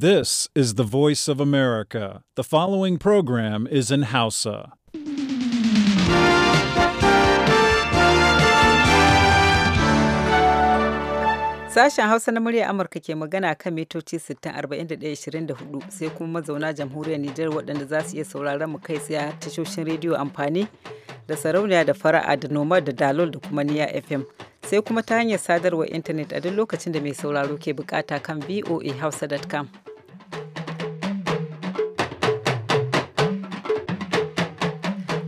This is the voice of America. The following program is in Hausa. Sashen Hausa na murya Amurka ke magana kan mitoci 6041 sai kuma mazauna jamhuriyar Nijar waɗanda za su iya sauraron mu kai tsaye tashoshin rediyo amfani da sarauniya da fara'a da noma da dalol da kuma niya FM. sai kuma ta hanyar sadarwar intanet a duk lokacin da mai sauraro ke bukata kan voahausa.com.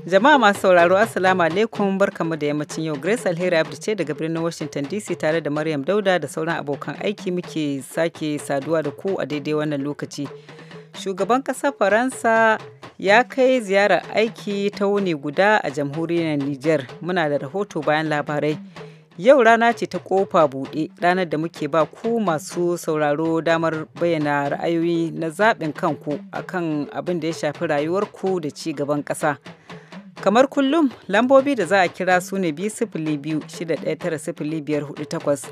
Jama'a masu sauraro Assalamu alaikum barkamu da yammacin yau Grace Alheri Abdu ce daga birnin Washington DC tare da Maryam Dauda da sauran abokan aiki muke sake saduwa da ku a daidai wannan lokaci. Shugaban ƙasar Faransa ya kai ziyarar aiki ta wuni guda a jamhuriyar niger Muna da rahoto bayan labarai. Yau rana ce ta kofa buɗe ranar da muke ba ku masu sauraro damar bayyana ra'ayoyi na zaɓin kanku akan abin da ya shafi rayuwarku da ci gaban ƙasa. Kamar kullum lambobi da za a kira su ne takwas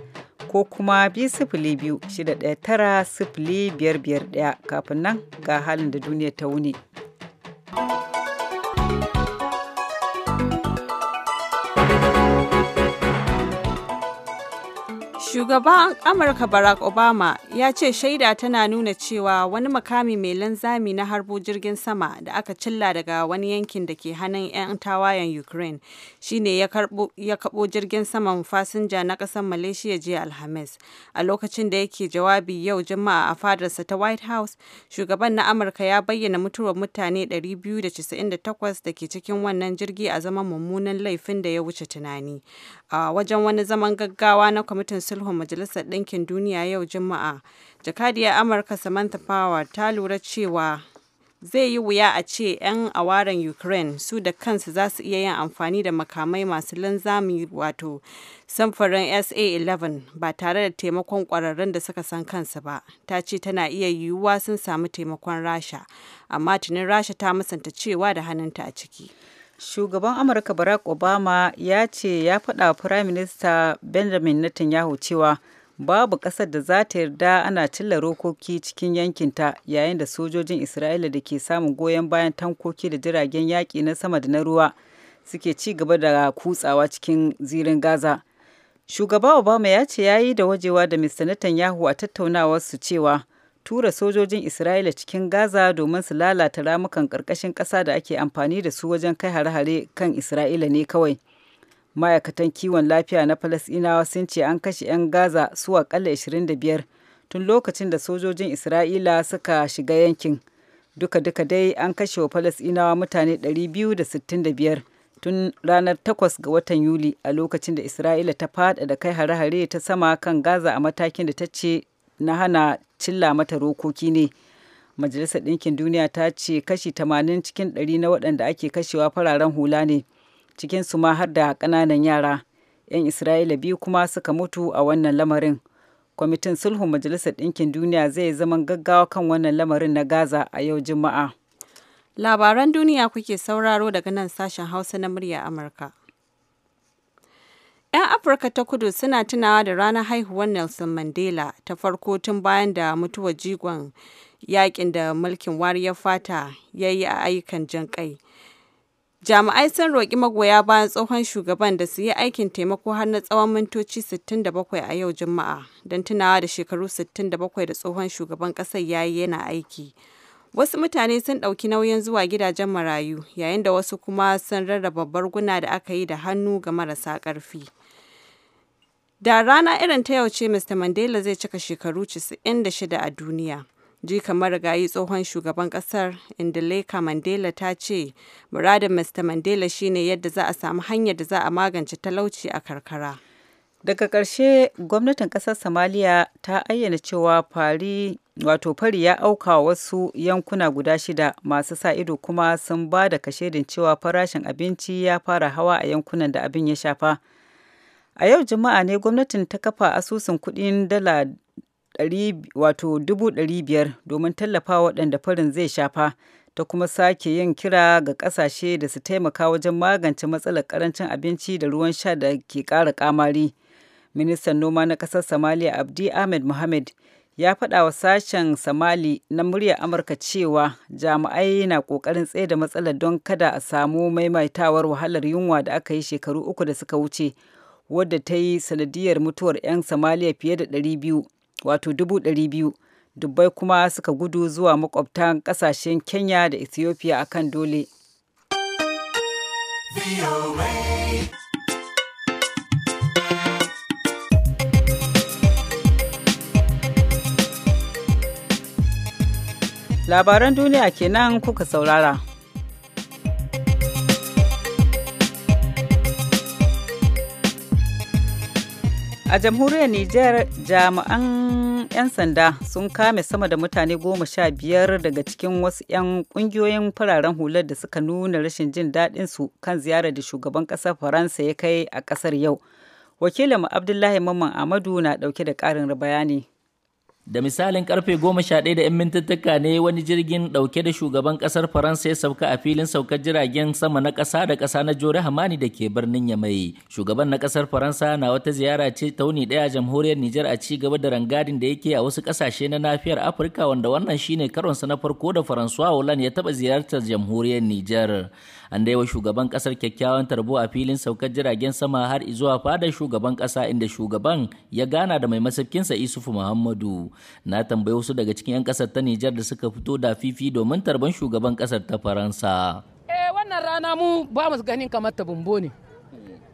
ko kuma biyar biyar ɗaya kafin nan ga halin da duniya ta wuni. Shugaban Amurka Barack Obama ya ce shaida tana nuna cewa wani makami mai lanzami na harbo jirgin sama da aka cilla daga wani yankin da ke hannun 'yan tawayen Ukraine shine ya kabo jirgin saman fasinja na ƙasar Malaysia jiya Alhamis. A lokacin da yake jawabi yau Juma'a a fadarsa ta White House, shugaban na Amurka ya bayyana mutuwar mutane 298 da ke cikin wannan jirgi a zaman mummunan laifin da ya wuce tunani. A wajen wani zaman gaggawa na kwamitin sulhu sulhun Majalisar Ɗinkin Duniya yau Juma'a, jakadiyar Amurka Samantha Power ta lura cewa zai yi wuya a ce 'yan awaren Ukraine su da kansu za su iya yin amfani da makamai masu linzami wato samfurin SA-11 ba tare da taimakon ƙwararrun da suka san kansu ba. Ta ce tana iya yiwuwa sun samu taimakon Rasha, amma tunin Rasha ta musanta cewa da hannunta a ciki. shugaban amurka barack obama ya ce ya faɗa firaminista benjamin netanyahu cewa babu ƙasar da za ta yarda ana cilla rokoki cikin yankinta yayin da sojojin isra'ila da ke samun goyon bayan tankoki da jiragen yaƙi na sama da na ruwa suke ci gaba da kutsawa cikin zirin gaza shugaba obama ya ce ya yi da wajewa da mr netanyahu a tattaunawar su cewa tura sojojin Isra'ila cikin Gaza domin su lalata ramukan ƙarƙashin ƙasa da ake amfani da su wajen kai hare-hare kan Isra'ila ne kawai. Ma'aikatan kiwon lafiya na Falasɗinawa sun ce an kashe 'yan Gaza su aƙalla 25 tun lokacin da sojojin Isra'ila suka shiga yankin. Duka-duka dai an kashe wa Falasɗinawa mutane 265 tun ranar 8 ga watan Yuli a lokacin da Isra'ila ta faɗa da kai hare-hare ta sama kan Gaza a matakin da ta ce na hana cilla mata rokoki ne majalisar ɗinkin duniya ta ce kashi tamanin cikin 100 na waɗanda ake kashewa fararen hula ne cikin su ma har da ƙananan yara 'yan isra'ila biyu kuma suka mutu a wannan lamarin kwamitin sulhun majalisar ɗinkin duniya zai zama gaggawa kan wannan lamarin na gaza a yau juma'a labaran duniya kuke sauraro daga nan sashen hausa na murya amurka 'Yan Afirka ta kudu suna tunawa da ranar haihuwar Nelson Mandela ta farko tun bayan da mutuwar jigon yakin da mulkin wariyar fata ya yi a ayyukan jan kai. Jami'ai sun roƙi magoya bayan tsohon shugaban da su yi aikin taimako har na tsawon mintoci 67 a yau Juma'a don tunawa da shekaru 67 da tsohon shugaban ƙasar ya yi yana aiki. Wasu mutane sun ɗauki nauyin zuwa gidajen marayu, yayin da wasu kuma sun rarraba barguna da aka yi da hannu ga marasa ƙarfi. Da rana irin ta yau ce Mr. Mandela zai cika shekaru 96 a duniya. Ji Jika marigayi tsohon shugaban kasar Indileka Mandela ta ce, muradin Mr. Mandela shine yadda za a samu hanyar da za a magance talauci a karkara. Daga ƙarshe gwamnatin ƙasar Somalia ta ayyana cewa fari wato fari ya auka wasu yankuna guda shida masu sa ido kuma sun ba da kashedin cewa farashin abinci ya fara hawa a yankunan da abin ya shafa. A yau Juma'a ne gwamnatin ta kafa asusun kudin dala wato dubu ɗari biyar domin tallafa waɗanda farin zai shafa ta kuma sake yin kira ga ƙasashe da su taimaka wajen magance matsalar karancin abinci da ruwan sha da ke ƙara kamari. Ministan noma na ƙasar Somalia Abdi Ahmed Mohamed ya faɗa wa sashen Somali na muryar Amurka cewa jami'ai na ƙoƙarin da matsalar don kada a samu maimaitawar wahalar yunwa da aka yi shekaru uku da suka wuce. wadda ta yi sanadiyar mutuwar 'yan Somalia fiye da 200, wato 200,000, dubbai kuma suka gudu zuwa makwabtan kasashen Kenya da Ethiopia a kan dole. Labaran duniya kenan kuka saurara. A jamhuriyar Nijar jami'an 'yan sanda sun kame sama da mutane goma sha biyar daga cikin wasu 'yan ƙungiyoyin fararen hular da suka nuna rashin jin daɗin su kan ziyarar da shugaban ƙasar Faransa ya kai a ƙasar yau. Wakilin Abdullahi Mamman Amadu na ɗauke da ƙarin bayani. Da misalin karfe goma sha ɗaya da 'yan mintattaka ne wani jirgin ɗauke da shugaban ƙasar Faransa ya sauka a filin saukar jiragen sama na ƙasa da ƙasa na Jore Hamani da ke birnin Yamai. Shugaban na ƙasar Faransa na wata ziyara ce tauni ɗaya jamhuriyar Nijar a ci gaba da rangadin da yake a wasu ƙasashe na nafiyar Afirka wanda wannan shine karonsa na farko da Faransuwa Hollande ya taɓa ziyartar jamhuriyar Nijar. an daiwa shugaban kasar kyakkyawan tarbo a filin saukar jiragen sama har zuwa fadar shugaban kasa inda shugaban ya gana da mai masafkinsa isufu muhammadu na tambayi wasu daga cikin 'yan kasar ta nijar da suka fito da fifi domin tarban shugaban kasar ta faransa eh wannan rana mu ba mu ganin kamar ta bumbo ne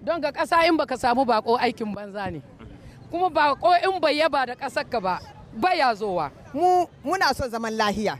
don ga kasa in baka samu bako aikin banza ne kuma bako in bai yaba da kasar ka ba baya zowa mu muna son zaman lahiya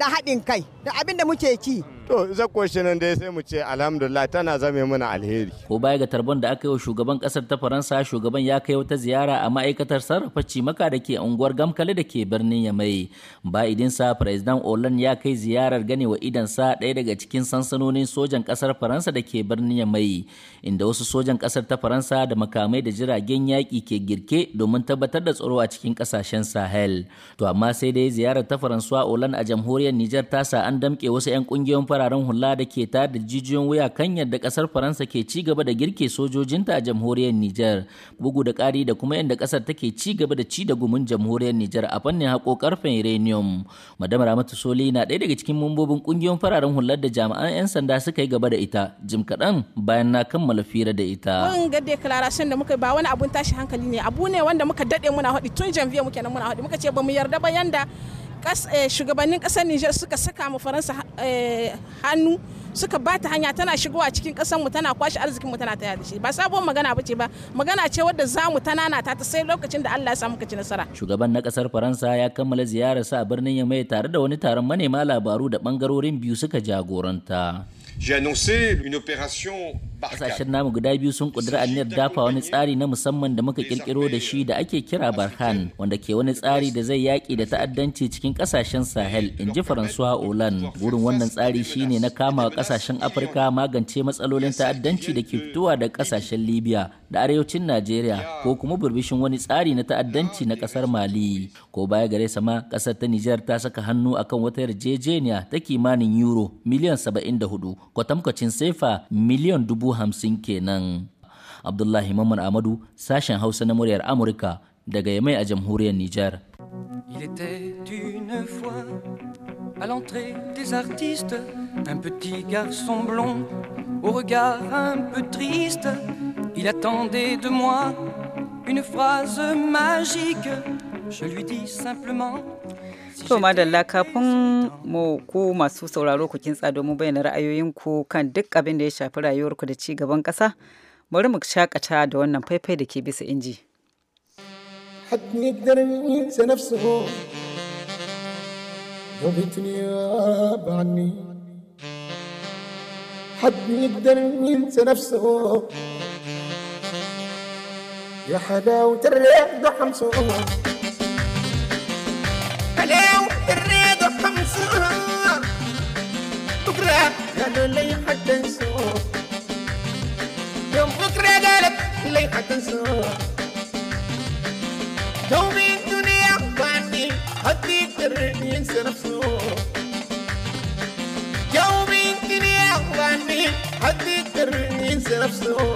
da haɗin kai da abin da muke ki To, zakon shi nan dai sai mu ce alhamdulillah tana zame mana alheri. Ko baya ga tarbon da aka yi wa shugaban kasar ta Faransa, shugaban ya kai wata ziyara a ma'aikatar sarrafa cimaka da ke unguwar Gamkale da ke birnin Yamai. Ba idin sa President Olan ya kai ziyarar wa idan sa ɗaya daga cikin sansanonin sojan kasar Faransa da ke birnin Yamai, inda wasu sojan kasar ta Faransa da makamai da jiragen yaƙi ke girke domin tabbatar da tsaro a cikin ƙasashen Sahel. To, amma sai dai ziyarar ta Faransuwa Olan a jamhuriyar Nijar ta sa an damƙe wasu 'yan ƙungiyoyin fararen hula da ke tare da jijiyoyin wuya kan yadda kasar faransa ke ci gaba da girke sojojinta a jamhuriyar niger bugu da kari da kuma yadda kasar take ci gaba da ci da gumin jamhuriyar niger a fannin haƙo karfen uranium madam ramatu soli na ɗaya daga cikin mambobin ƙungiyoyin fararen hular da jami'an 'yan sanda suka yi gaba da ita jim kaɗan bayan na kammala fira da ita. mun ga declaration da muka ba wani abun tashi hankali ne abu ne wanda muka daɗe muna haɗi tun janvier muke nan muna haɗi muka ce ba mu yarda ba yanda Eh, shugabannin kasar Nijar suka saka mu Faransa eh, hannu suka ba ta hanya tana shigowa cikin kasar mu tana kwashe arzikin mu tana taya da shi ba sabon magana bace ba magana ce wadda za mu tanana ta sai lokacin da Allah ya samu kaci nasara shugaban na kasar Faransa ya kammala ziyarar sa a birnin Yamai tare da wani taron manema labaru da bangarorin biyu suka jagoranta J'ai annoncé une opération Kasashen namu guda biyu sun kudura aniyar dafa wani tsari na musamman da muka kirkiro da shi da ake kira Barhan wanda ke wani tsari da zai yaki da ta'addanci cikin kasashen Sahel in ji Faransuwa Olan. gurin wannan tsari shine na kama kasashen Afirka magance matsalolin ta'addanci da ke fitowa da kasashen Libya da arewacin Najeriya ko kuma burbishin wani tsari na ta'addanci na kasar Mali. Ko baya gare sama kasar ta Nijar ta saka hannu akan wata yarjejeniya ta kimanin euro miliyan 74 kwatamkwacin sefa miliyan dubu Il était une fois à l'entrée des artistes un petit garçon blond au regard un peu triste. Il attendait de moi une phrase magique. Je lui dis simplement To madalla kafin mu ku masu sauraro ku kintsa domin bayyana ra'ayoyinku kan duk abin da ya shafi rayuwarku da ci gaban kasa Bari mu shakata da wannan faifai da ke bisa inji. حد يقدر ينسى نفسه يا حلاوة ده كلام الريد خمسار بكرة قالوا لي حتى نسوق يوم بكرة قالت لي حتى نسوق دومي الدنيا ضعني حد يقدر ينسى نفسه يوم الدنيا ضعني حد يقدر ينسى نفسه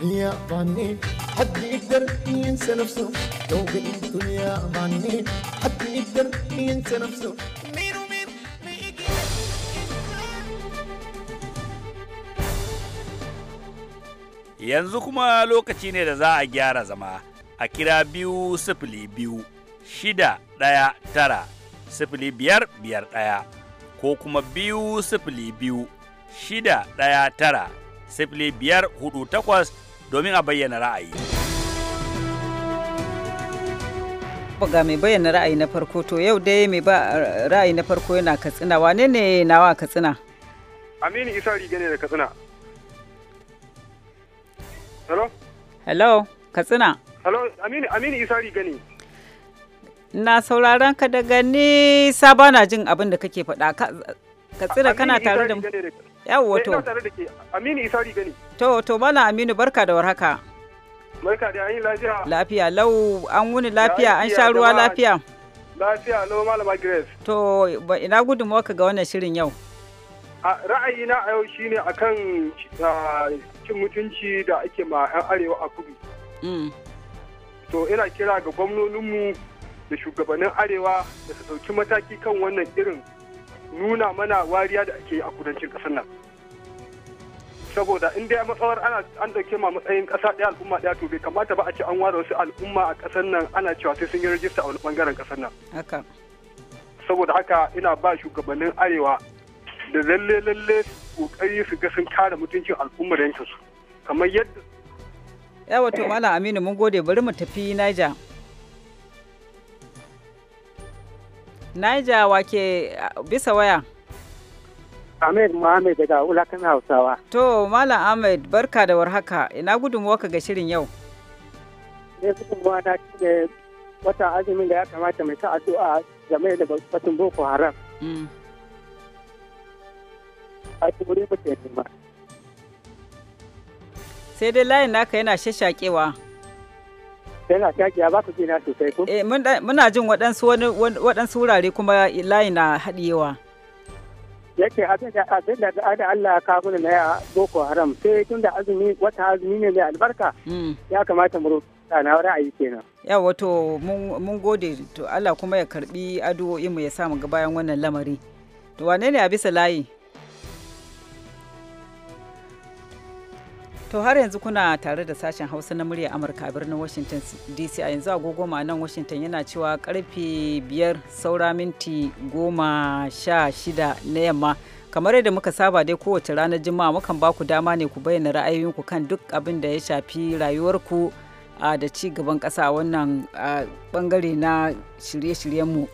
الدنيا ظني حد يقدر ينسى نفسه لو بقيت يا ظني حد يقدر ينسى نفسه Yanzu kuma lokaci ne da za a gyara zama a kira biyu sifili biyu shida ɗaya tara sifili biyar biyar ɗaya ko kuma biyu sifili biyu shida ɗaya tara sifili biyar hudu takwas domin a bayyana ra'ayi. ga mai bayyana ra'ayi na farko to yau dai mai ba ra'ayi na farko yana katsina wane ne nawa katsina aminu isa riga ne da katsina hello hello katsina hello aminu aminu isa riga ne na sauraron ka daga nisa bana jin abin da kake faɗa katsira kana tare da mu yawwa eh, to aminu isa riga to to mala aminu barka da warhaka barka da yayin lafiya lafiya lau an wuni lafiya an sha ruwa lafiya lafiya lau malama grace to ina gudunmuwa ka ga wannan shirin yau ra'ayina a yau shine akan cin mutunci da ake ma 'yan arewa a kudu mm. to ina kira ga gwamnoninmu da shugabannin arewa da su dauki mataki kan wannan irin nuna mana wariya da ake a kudancin kasar nan saboda in dai matsawar ana an dauke ma matsayin kasa ɗaya al'umma ɗaya to bai kamata ba a ce an ware wasu al'umma a ƙasar nan ana cewa sai sun yi rajista a wani bangaren ƙasar nan saboda haka ina ba shugabannin arewa da lalle lalle kokari su ga sun kare mutuncin al'ummar yankinsu kamar yadda yawa to malam aminu mun gode bari mu tafi niger Naija wake uh, bisa waya. Ahmed Mohamed daga wulakan Hausawa. To, Malam Ahmed, barka da warhaka. Ina gudun waka ga shirin yau. Ne gudunmuwa na ne wata azumin da ya kamata mai ta addu'a game da batun Boko Haram. Mm. A turi ba ke ba. Sai dai layin naka yana shashakewa. yana shaƙiya ba ku su sai ko? Eh muna jin waɗansu wani waɗansu wurare kuma layi na haɗiyewa. Yake abin da abin da Allah ka kuna na ya Boko Haram sai tun da azumi wata azumi ne mai albarka. Hmm. Ya kamata mu roƙa na ra'ayi kenan. Ya wato mun gode to Allah kuma ya karbi addu'o'in mu ya samu ga bayan wannan lamari. To wane ne a bisa layi? To har yanzu kuna tare da sashen Hausa na murya Amurka a birnin Washington DC a yanzu agogo ma nan Washington yana cewa karfe biyar saura minti goma sha shida na yamma. Kamar yadda muka saba dai kowace ranar Juma'a mukan ba ku dama ne ku bayyana ra'ayoyinku kan duk abin da ya shafi rayuwarku da ci gaban ƙasa wannan bangare na shirye-shiryenmu.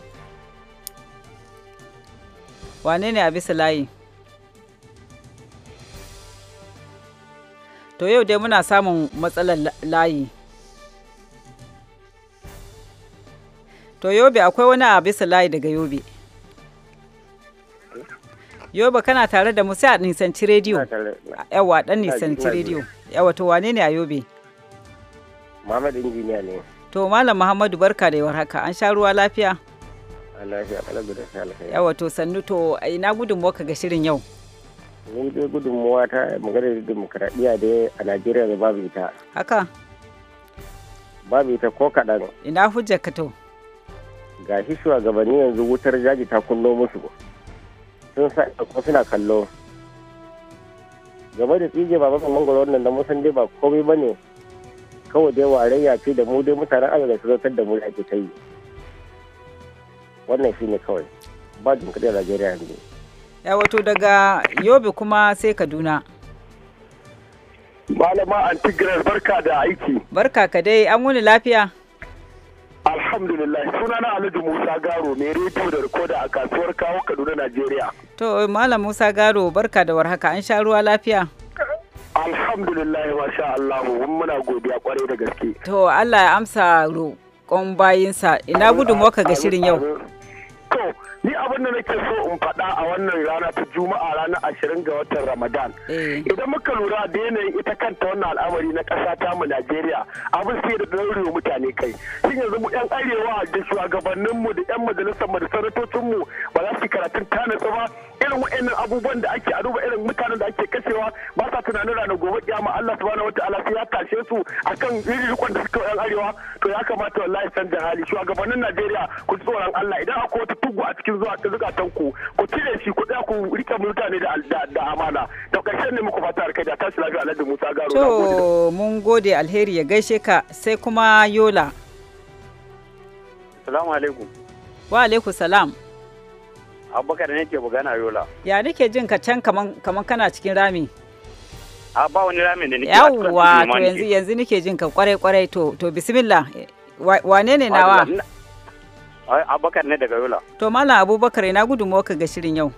Wane ne a bisa layi? to yau dai muna samun matsalar layi to yobe akwai wani a bisa layi daga yobe yobe kana tare da musa a nisanci rediyo yawa dan nisanci rediyo yawa to wane ne a yobe Muhammad injiniya ne to malam muhammadu barka da yawar haka an sha ruwa lafiya yawa to sannu to ina gudun gudunmuwa ga shirin yau mun je gudunmuwa ta da demokradiyya da a najeriya da babu ita haka babu ita ko kaɗan ina hujjar ka to ga shi shugabanni yanzu wutar jaji ta kullo musu sun sa ko suna kallo game da tsige ba babban mangoro wannan da musan dai ba komai ba ne kawai dai warayya ce da mu dai mutanen da su zartar da mu ake ta yi wannan shi ne kawai ba jinkadin najeriya yanzu ya wato daga yobe kuma sai kaduna malama antigrar barka da aiki barka ka dai an wuni lafiya alhamdulillah sunana alhaji musa garo mai rediyo da rikoda a kasuwar kawo kaduna najeriya to malam musa garo barka da warhaka an sha ruwa lafiya alhamdulillah Allah allahu muna godiya kwarai da gaske to allah ya amsa roƙon bayinsa ina gudun waka ga shirin yau to ni abin da nake so in faɗa a wannan rana ta juma'a ranar ashirin ga watan ramadan eh. idan muka lura da yanayin ita kanta wannan al'amari na ƙasa ta mu najeriya abin sai da wa mutane kai shin yanzu mu yan arewa da shugabanninmu da yan majalisar mu da sanatocinmu ba za su karatun tanatsu ba irin wa'annan abubuwan da ake a duba irin mutanen da ake kashewa ba sa tunanin ranar gobe kiyama Allah subhanahu wataala sai ya tashe su akan irin rikon da suka yan arewa to ya kamata wallahi da hali shugabannin Najeriya ku tsoron Allah idan akwai wata tugu a cikin zuwa zukatan ku ku cire shi ku tsaya ku rike mutane da da amana to karshen ne muku fata alkai ta shi lafiya Alhaji Musa Garo to mun gode alheri ya gaishe ka sai kuma Yola Assalamu alaikum wa alaikum salam abubakar ne ke bugana yola ya nake jin ka can kaman kana cikin rami a ba wani rami da nake yawwa to yanzu yanzu nake jin ka kwarai kwarai to to bismillah wane ne nawa abubakar ne daga yola to malam abubakar ina gudunmuwa ka ga shirin yau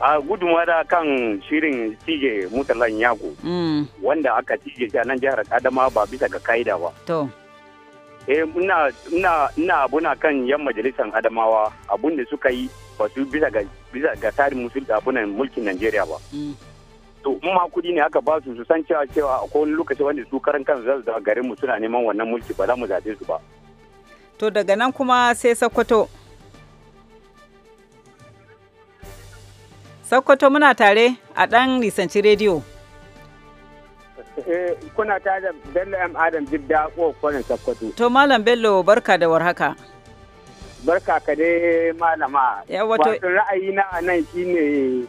a gudunmuwa da kan shirin cije mutalan yago mm. wanda aka cije a nan jihar adama ba bisa ga ka'ida ba to eh ina abuna kan yan majalisar adamawa abun da suka yi ba su bisa ga tarin musulta abunan mulkin Najeriya ba mm. to in ma kudi ne aka ba su su san cewa cewa a wani lokaci wanda su karan kan za su garin mu suna neman wannan mulki ba za mu zaɓe su ba to daga nan kuma sai Sokoto Sokoto muna tare a ɗan lisanci rediyo. Eh, kuna ta da Bello M Adam da ko kwanan Sokoto. To Malam Bello barka da warhaka. Barka ka dai malama. Yawa to ra'ayi na a nan ne.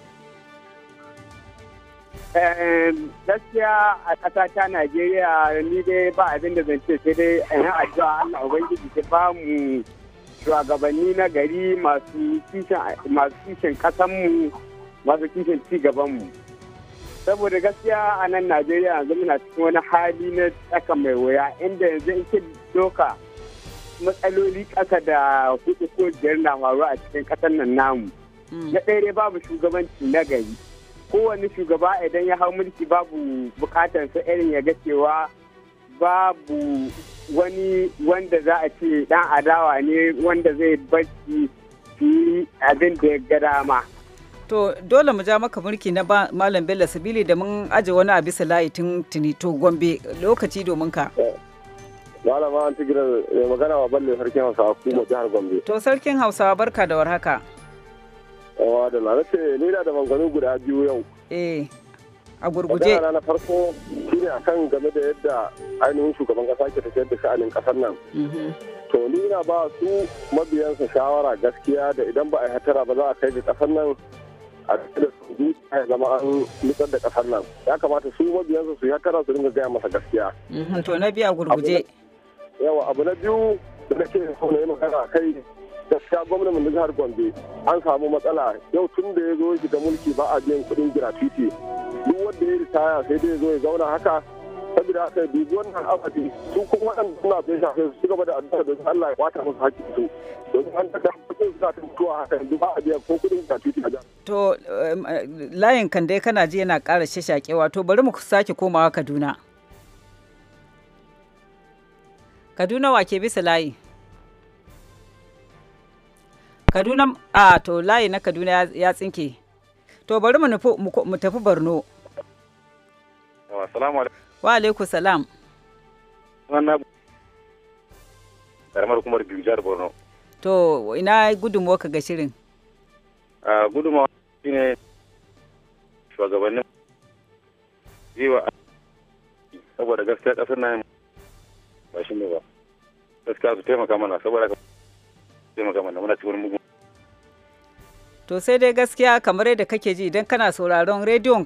Eh, gaskiya a ƙasa ta Najeriya ni dai ba abin da zan ce sai dai a yi addu'a Allah Ubangiji ta ba mu shugabanni na gari masu kishin ƙasanmu masu kishin ci mu. saboda gaskiya a nan najeriya yanzu muna cikin wani hali na tsaka mai wuya inda yanzu in ki doka matsaloli ƙasa da hudu ko biyar na faruwa a cikin ƙasar nan namu mm. na ɗaya babu shugabanci na gari kowane shugaba idan ya hau mulki babu bukatar su irin ya ga cewa babu wani wanda za a ce dan adawa ne wanda zai barci abin da ya ga dama. To dole mu ja maka mulki na Malam Bello Sabili da mun aje wani a bisa layi tuni to Gombe lokaci domin ka. Malama an tigira mai magana wa balle sarkin Hausawa kuma jihar Gombe. To sarkin Hausawa barka da warhaka. Wa da na ce ni da da mangano guda biyu yau. Eh. A gurguje. Magana na farko shine akan game da yadda ainihin shugaban kasa ke tafiyar da sha'anin kasar nan. Mhm. To ni na ba su mabiyansa shawara gaskiya da idan ba a yi hatara ba za a kai da kasar nan a da su zama an nutsar da kasar nan ya kamata su mabiyansu su ya kara su dinga gaya masa gaskiya. Mhm, to na biya gurguje. yawa abu na biyu da nake so na yi magana kai gaskiya gwamnan jihar gombe an samu matsala yau tun da ya zo shiga mulki ba a biyan kuɗin gratuity duk wanda ya ritaya sai dai ya zo ya zauna haka saboda haka dubi wannan abadi su kuma waɗanda suna bai shafe su gaba da addu'a don Allah ya kwata musu hakkin su don an daga kuɗin su ta mutuwa haka yanzu ba a biya ko kuɗin ta titi da to um, layin kan dai kana ji yana ƙara shashakewa to bari mu sake komawa Kaduna Kaduna wa ke bisa layi Kaduna a to layi na Kaduna ya tsinke to bari mu tafi Borno Assalamu alaikum Wa alaikum salam. Wannan karamar kumar biyu jihar Borno. To ina gudunmuwa ka ga shirin? Gudunmuwa shi ne shugabannin jiwa saboda gaskiya kasar na yin ba shi ne ba. Gaskiya su taimaka mana saboda taimaka mana muna cikin mugun. to sai dai gaskiya kamar yadda kake ji idan kana sauraron rediyon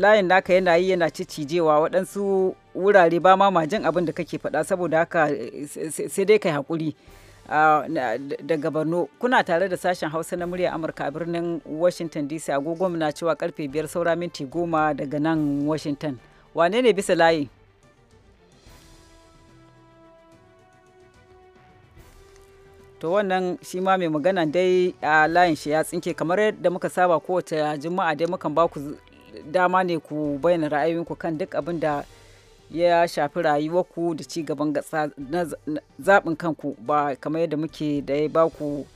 layin naka yana yi yana cijewa waɗansu wurare ba ma majin abin da kake faɗa saboda haka eh, sai dai kai haƙuri daga borno kuna tare da sashen hausa na murya amurka a birnin washington dc agogo na cewa karfe biyar saura minti goma daga nan washington wane ne bisa layi to wannan shi ma mai magana dai a layin shi ya tsinke kamar yadda muka saba kowace juma'a dai mukan ba ku dama ne ku bayyana ra'ayoyinku kan duk abin da ya shafi rayuwarku da ci gaban na zaɓin kanku ba kamar yadda muke da ya ba ku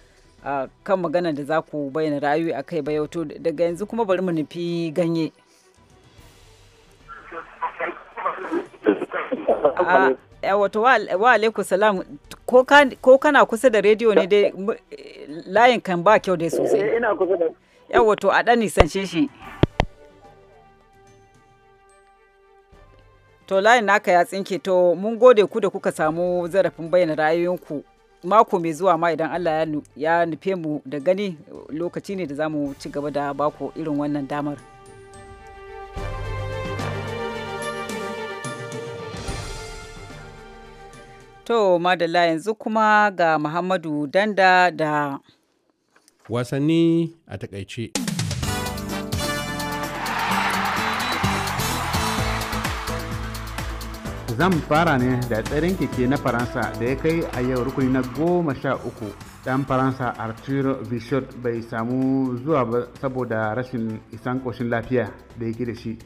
kan magana da za ku bayyana ra'ayoyi a kai to daga yanzu kuma bari mu nufi ganye wato wa alaikum salam ko kana kusa da rediyo ne dai layin kan ba kyau dai sosai eh, ina kusa da yawa to a dan nisanshe shi to layin naka ya tsinke to mun gode ku da kuka samu zarafin bayyana ra'ayoyinku mako mai zuwa ma idan Allah ya nufe mu da gani lokaci ne da za mu ci gaba da baku irin wannan damar. To, madalla yanzu kuma ga Muhammadu Danda da wasanni a takaice. zan fara ne da tsarin keke na faransa da ya kai a yau rukuni na goma sha uku dan faransa arthur bishop bai samu zuwa ba saboda rashin isan ƙoshin lafiya da ya da shi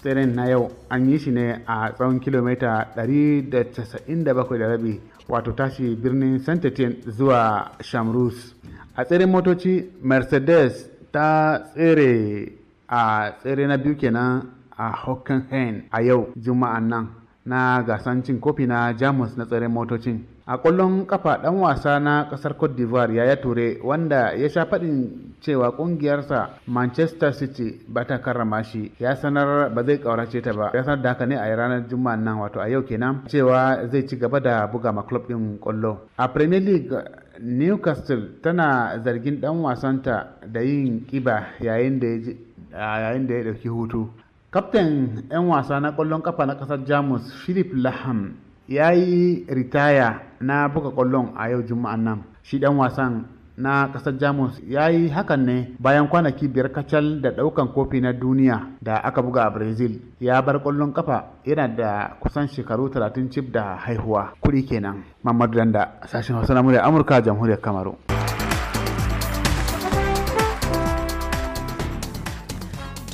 tseren na yau an yi shi ne a tsawon kilomita 197 wato tashi birnin saint zuwa shamrus a tseren motoci mercedes ta tsere a tsere na biyu kenan a hockenheim a yau juma'an nan na gasan cin kofi na jamus na tseren motocin a kwallon kafa 'dan wasa na kasar cote d'ivoire yaya ture wanda ya sha faɗin cewa ƙungiyarsa manchester city ba ta karrama shi ya sanar ba zai ƙaurace ta ba ya sanar da haka ne a ranar juma'a nan wato a yau kenan cewa zai ci gaba da buga ma club din kwallo. a premier league newcastle tana zargin dan wasanta da yin kiba yayin da ya ɗauki hutu kaftan 'yan wasa na ƙwallon kafa na ƙasar jamus philip laham ya yi ritaya na buga kwallon a yau juma'an nan shi dan wasan na kasar jamus ya yi hakan ne bayan kwanaki biyar kacal da daukan kofi na duniya da aka buga a brazil ya bar kwallon kafa yana da kusan shekaru 30 cif da haihuwa kuri kenan mamadu danda sashen hausa na murya amurka jamhuriyar kamaru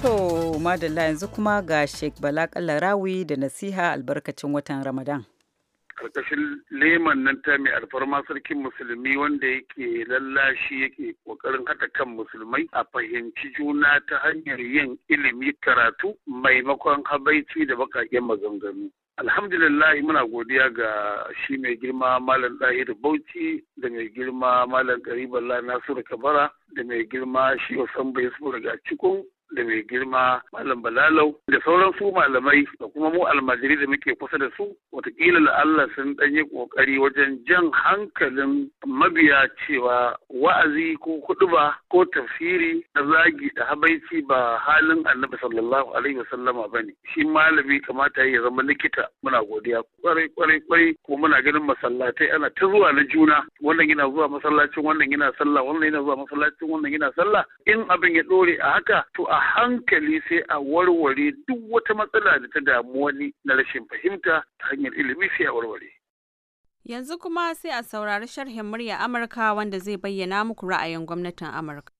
to madalla yanzu kuma ga sheikh bala rawi da nasiha albarkacin watan ramadan karkashin leman nan ta mai alfarma sarkin musulmi wanda yake lallashi yake kokarin haɗa kan musulmai a fahimci juna ta hanyar yin ilimi karatu maimakon habaici da bakaƙen maganganu alhamdulillah muna godiya ga shi mai girma malam ɗahir bauchi da mai girma malam lana nasiru kabara da mai girma shi wasan bai daga cikon da mai girma malam balalau da sauran su malamai da kuma mu almajiri da muke kusa da su watakila Allah sun ɗan yi ƙoƙari wajen jan hankalin mabiya cewa wa'azi ko kuduba ko tafsiri na zagi da habaici ba halin annabi sallallahu alaihi wasallama ba ne shi malami kamata ya zama likita muna godiya kwarai kwarai kwarai ko muna ganin masallatai ana ta zuwa na juna wannan yana zuwa masallacin wannan yana sallah wannan yana zuwa masallacin wannan yana sallah in abin ya dore a haka to a hankali sai a warware duk wata matsala da ta damu wani na rashin fahimta ta hanyar ilimi sai a warware. Yanzu kuma sai a saurari sharhin murya Amurka wanda zai bayyana muku ra'ayin gwamnatin Amurka.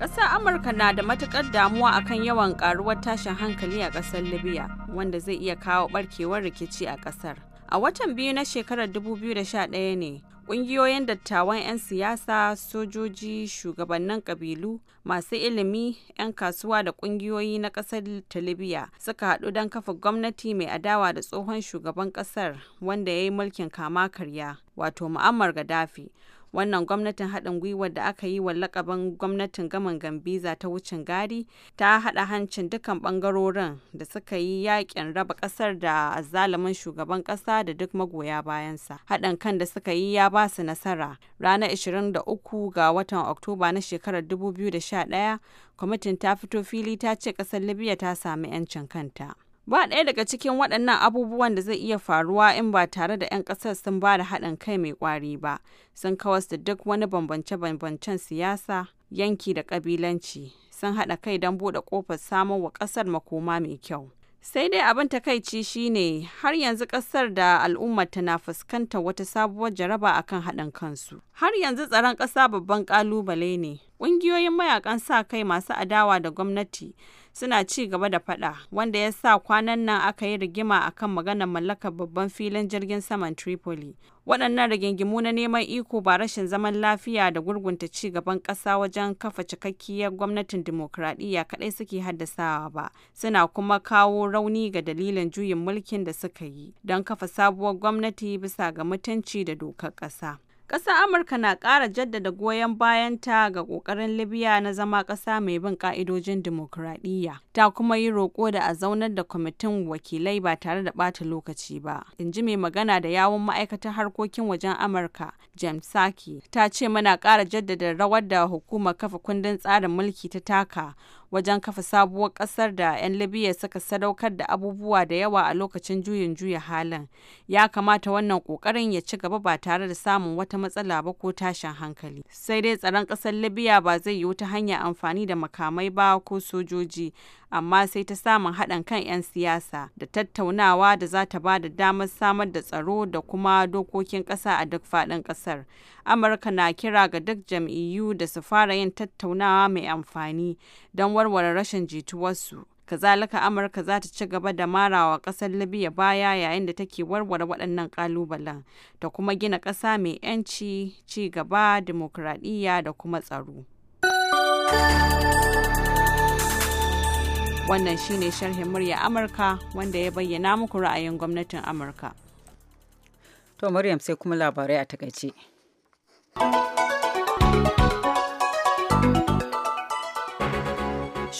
Ƙasar Amurka na da matuƙar damuwa akan yawan ƙaruwar tashin hankali a ƙasar Libya wanda zai iya kawo ɓarkewar rikici a ƙasar. A watan biyu na shekarar 2011 ne, Ƙungiyoyin dattawan 'yan siyasa, sojoji, shugabannin ƙabilu, masu ilimi, 'yan kasuwa da ƙungiyoyi na ƙasar ta suka haɗu don kafa gwamnati mai adawa da tsohon shugaban ƙasar wanda ya yi mulkin kama karya, wato Muammar Gaddafi, wannan gwamnatin haɗin gwiwar da aka yi wa lakabin gwamnatin gaman gambiza ta wucin gadi ta haɗa hancin dukkan bangarorin da suka yi yakin raba ƙasar da azzalumin shugaban ƙasa da duk magoya bayansa haɗin kan da suka yi ya ba su nasara ranar 23 ga watan oktoba na shekarar 2011 kwamitin ta fito fili ta ce ƙasar libya ta sami 'yancin kanta Ba ɗaya daga cikin waɗannan abubuwan da zai iya faruwa in ba tare da 'yan ƙasar sun ba da haɗin kai mai ƙwari ba, sun kawas da duk wani bambance-bambancen siyasa, yanki da ƙabilanci, sun haɗa kai don buɗe ƙofar samun wa ƙasar makoma mai kyau. Sai dai abin takaici shine har yanzu ƙasar da al'ummarta na fuskantar wata sabuwar jaraba akan haɗin kansu. Har yanzu tsaron ƙasa babban ƙalubale ne. Ƙungiyoyin mayakan sa kai masu adawa da gwamnati suna ci gaba da fada wanda ya sa kwanan nan aka yi rigima a kan maganar mallakar babban filin jirgin saman Tripoli. Waɗannan rigingimu na neman iko ba rashin zaman lafiya da gurgunta ci gaban ƙasa wajen kafa cikakkiyar gwamnatin dimokuraɗiyya kaɗai suke haddasawa ba, suna kuma kawo rauni ga dalilin juyin mulkin da suka yi don kafa sabuwar gwamnati bisa ga mutunci da dokar ƙasa. ƙasar amurka na ƙara jaddada goyon bayanta ga ƙoƙarin libya na zama ƙasa mai bin ƙa'idojin dimokuraɗiyya ta kuma yi roƙo da a zaunar da kwamitin wakilai ba tare da ɓata lokaci ba in ji mai magana da yawun ma'aikatan harkokin wajen amurka james saki ta ce muna ƙara jaddada rawar da hukumar kafa kundin tsarin mulki ta taka wajen kafa sabuwar kasar da 'yan Libya suka sadaukar da abubuwa da yawa a lokacin juyin juya halin. Ya kamata wannan kokarin ya ci gaba ba tare da samun wata matsala ba ko tashin hankali. Sai dai tsaron kasar Libya ba zai yi ta hanyar amfani da makamai ba ko sojoji. amma sai ta samun haɗin kan 'yan siyasa da tattaunawa da za ta ba da damar samar da tsaro da kuma dokokin ƙasa a duk faɗin ƙasar. Amurka na kira ga duk jam'iyyu da su fara yin tattaunawa mai amfani don warware rashin jituwarsu. Kazalika Amurka za ta ci gaba da marawa ƙasar Libya baya yayin da take warware waɗannan ƙalubalen ta kuma gina ƙasa mai 'yanci, ci gaba, dimokuraɗiyya da kuma tsaro. Wannan shine sharhin murya Amurka wanda ya bayyana muku ra'ayin gwamnatin Amurka. To Maryam sai kuma labarai a takaice.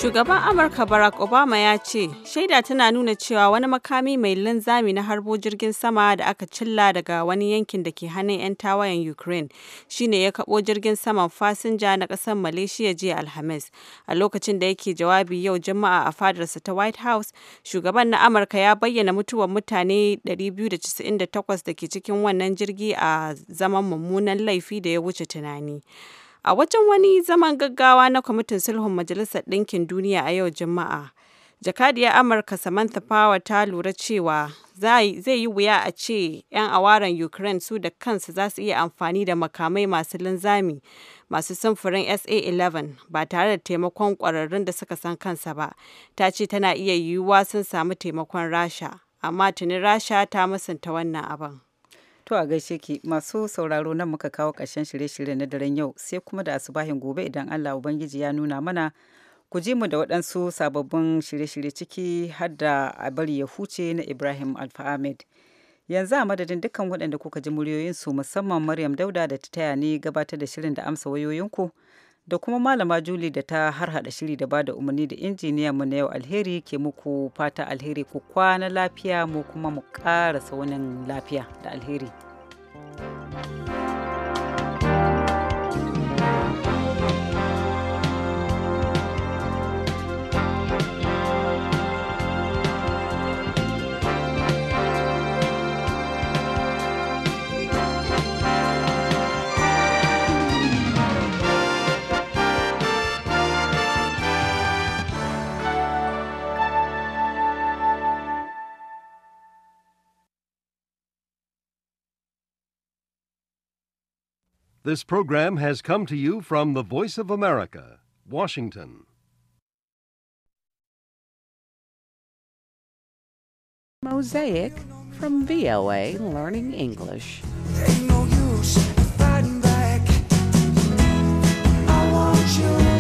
Shugaban Amurka Barack Obama ya ce, shaida tana nuna cewa wani makami mai linzami na harbo jirgin sama da aka cilla daga wani yankin da ke hannun 'yan tawayan Ukraine shine ya kabo jirgin saman fasinja na ƙasar Malaysia jiya Alhamis. A lokacin da yake jawabi yau Juma'a a fadarsa ta White House, shugaban na Amurka ya bayyana mutuwar mutane 298 da ke cikin wannan jirgi a zaman mummunan laifi da ya wuce tunani. A wajen wani zaman gaggawa na Kwamitin Sulhun Majalisar Ɗinkin Duniya a yau Juma'a, jakadiyar Amurka Samantha Power ta lura cewa zai yi wuya a ce 'yan awaren Ukraine su da kansu za su iya amfani da makamai masu linzami masu samfurin SA-11 ba tare da taimakon ƙwararrun da suka san kansa ba. Ta ce tana iya yiwuwa sun samu taimakon Rasha, amma tuni Rasha ta musanta wannan abin. To a gaishe ki masu sauraro nan muka kawo ƙarshen shirye-shirye na daren yau sai kuma da asubahin gobe idan Allah Ubangiji ya nuna mana ku ji mu da waɗansu sababbin shirye-shirye ciki har da a bari ya huce na Ibrahim Alfa Ahmed. Yanzu a madadin dukkan waɗanda kuka ji muryoyinsu musamman Maryam Dauda da ta taya ni gabatar da shirin da amsa wayoyinku. da kuma malama Julie da ta harhaɗa shiri da bada umarni da injiniya mu na yau alheri ke muku fata alheri ku kwana lafiya mu kuma mu ƙarasa wani lafiya da alheri. This program has come to you from the Voice of America, Washington. Mosaic from VOA Learning English. Ain't no use fighting back. I want you.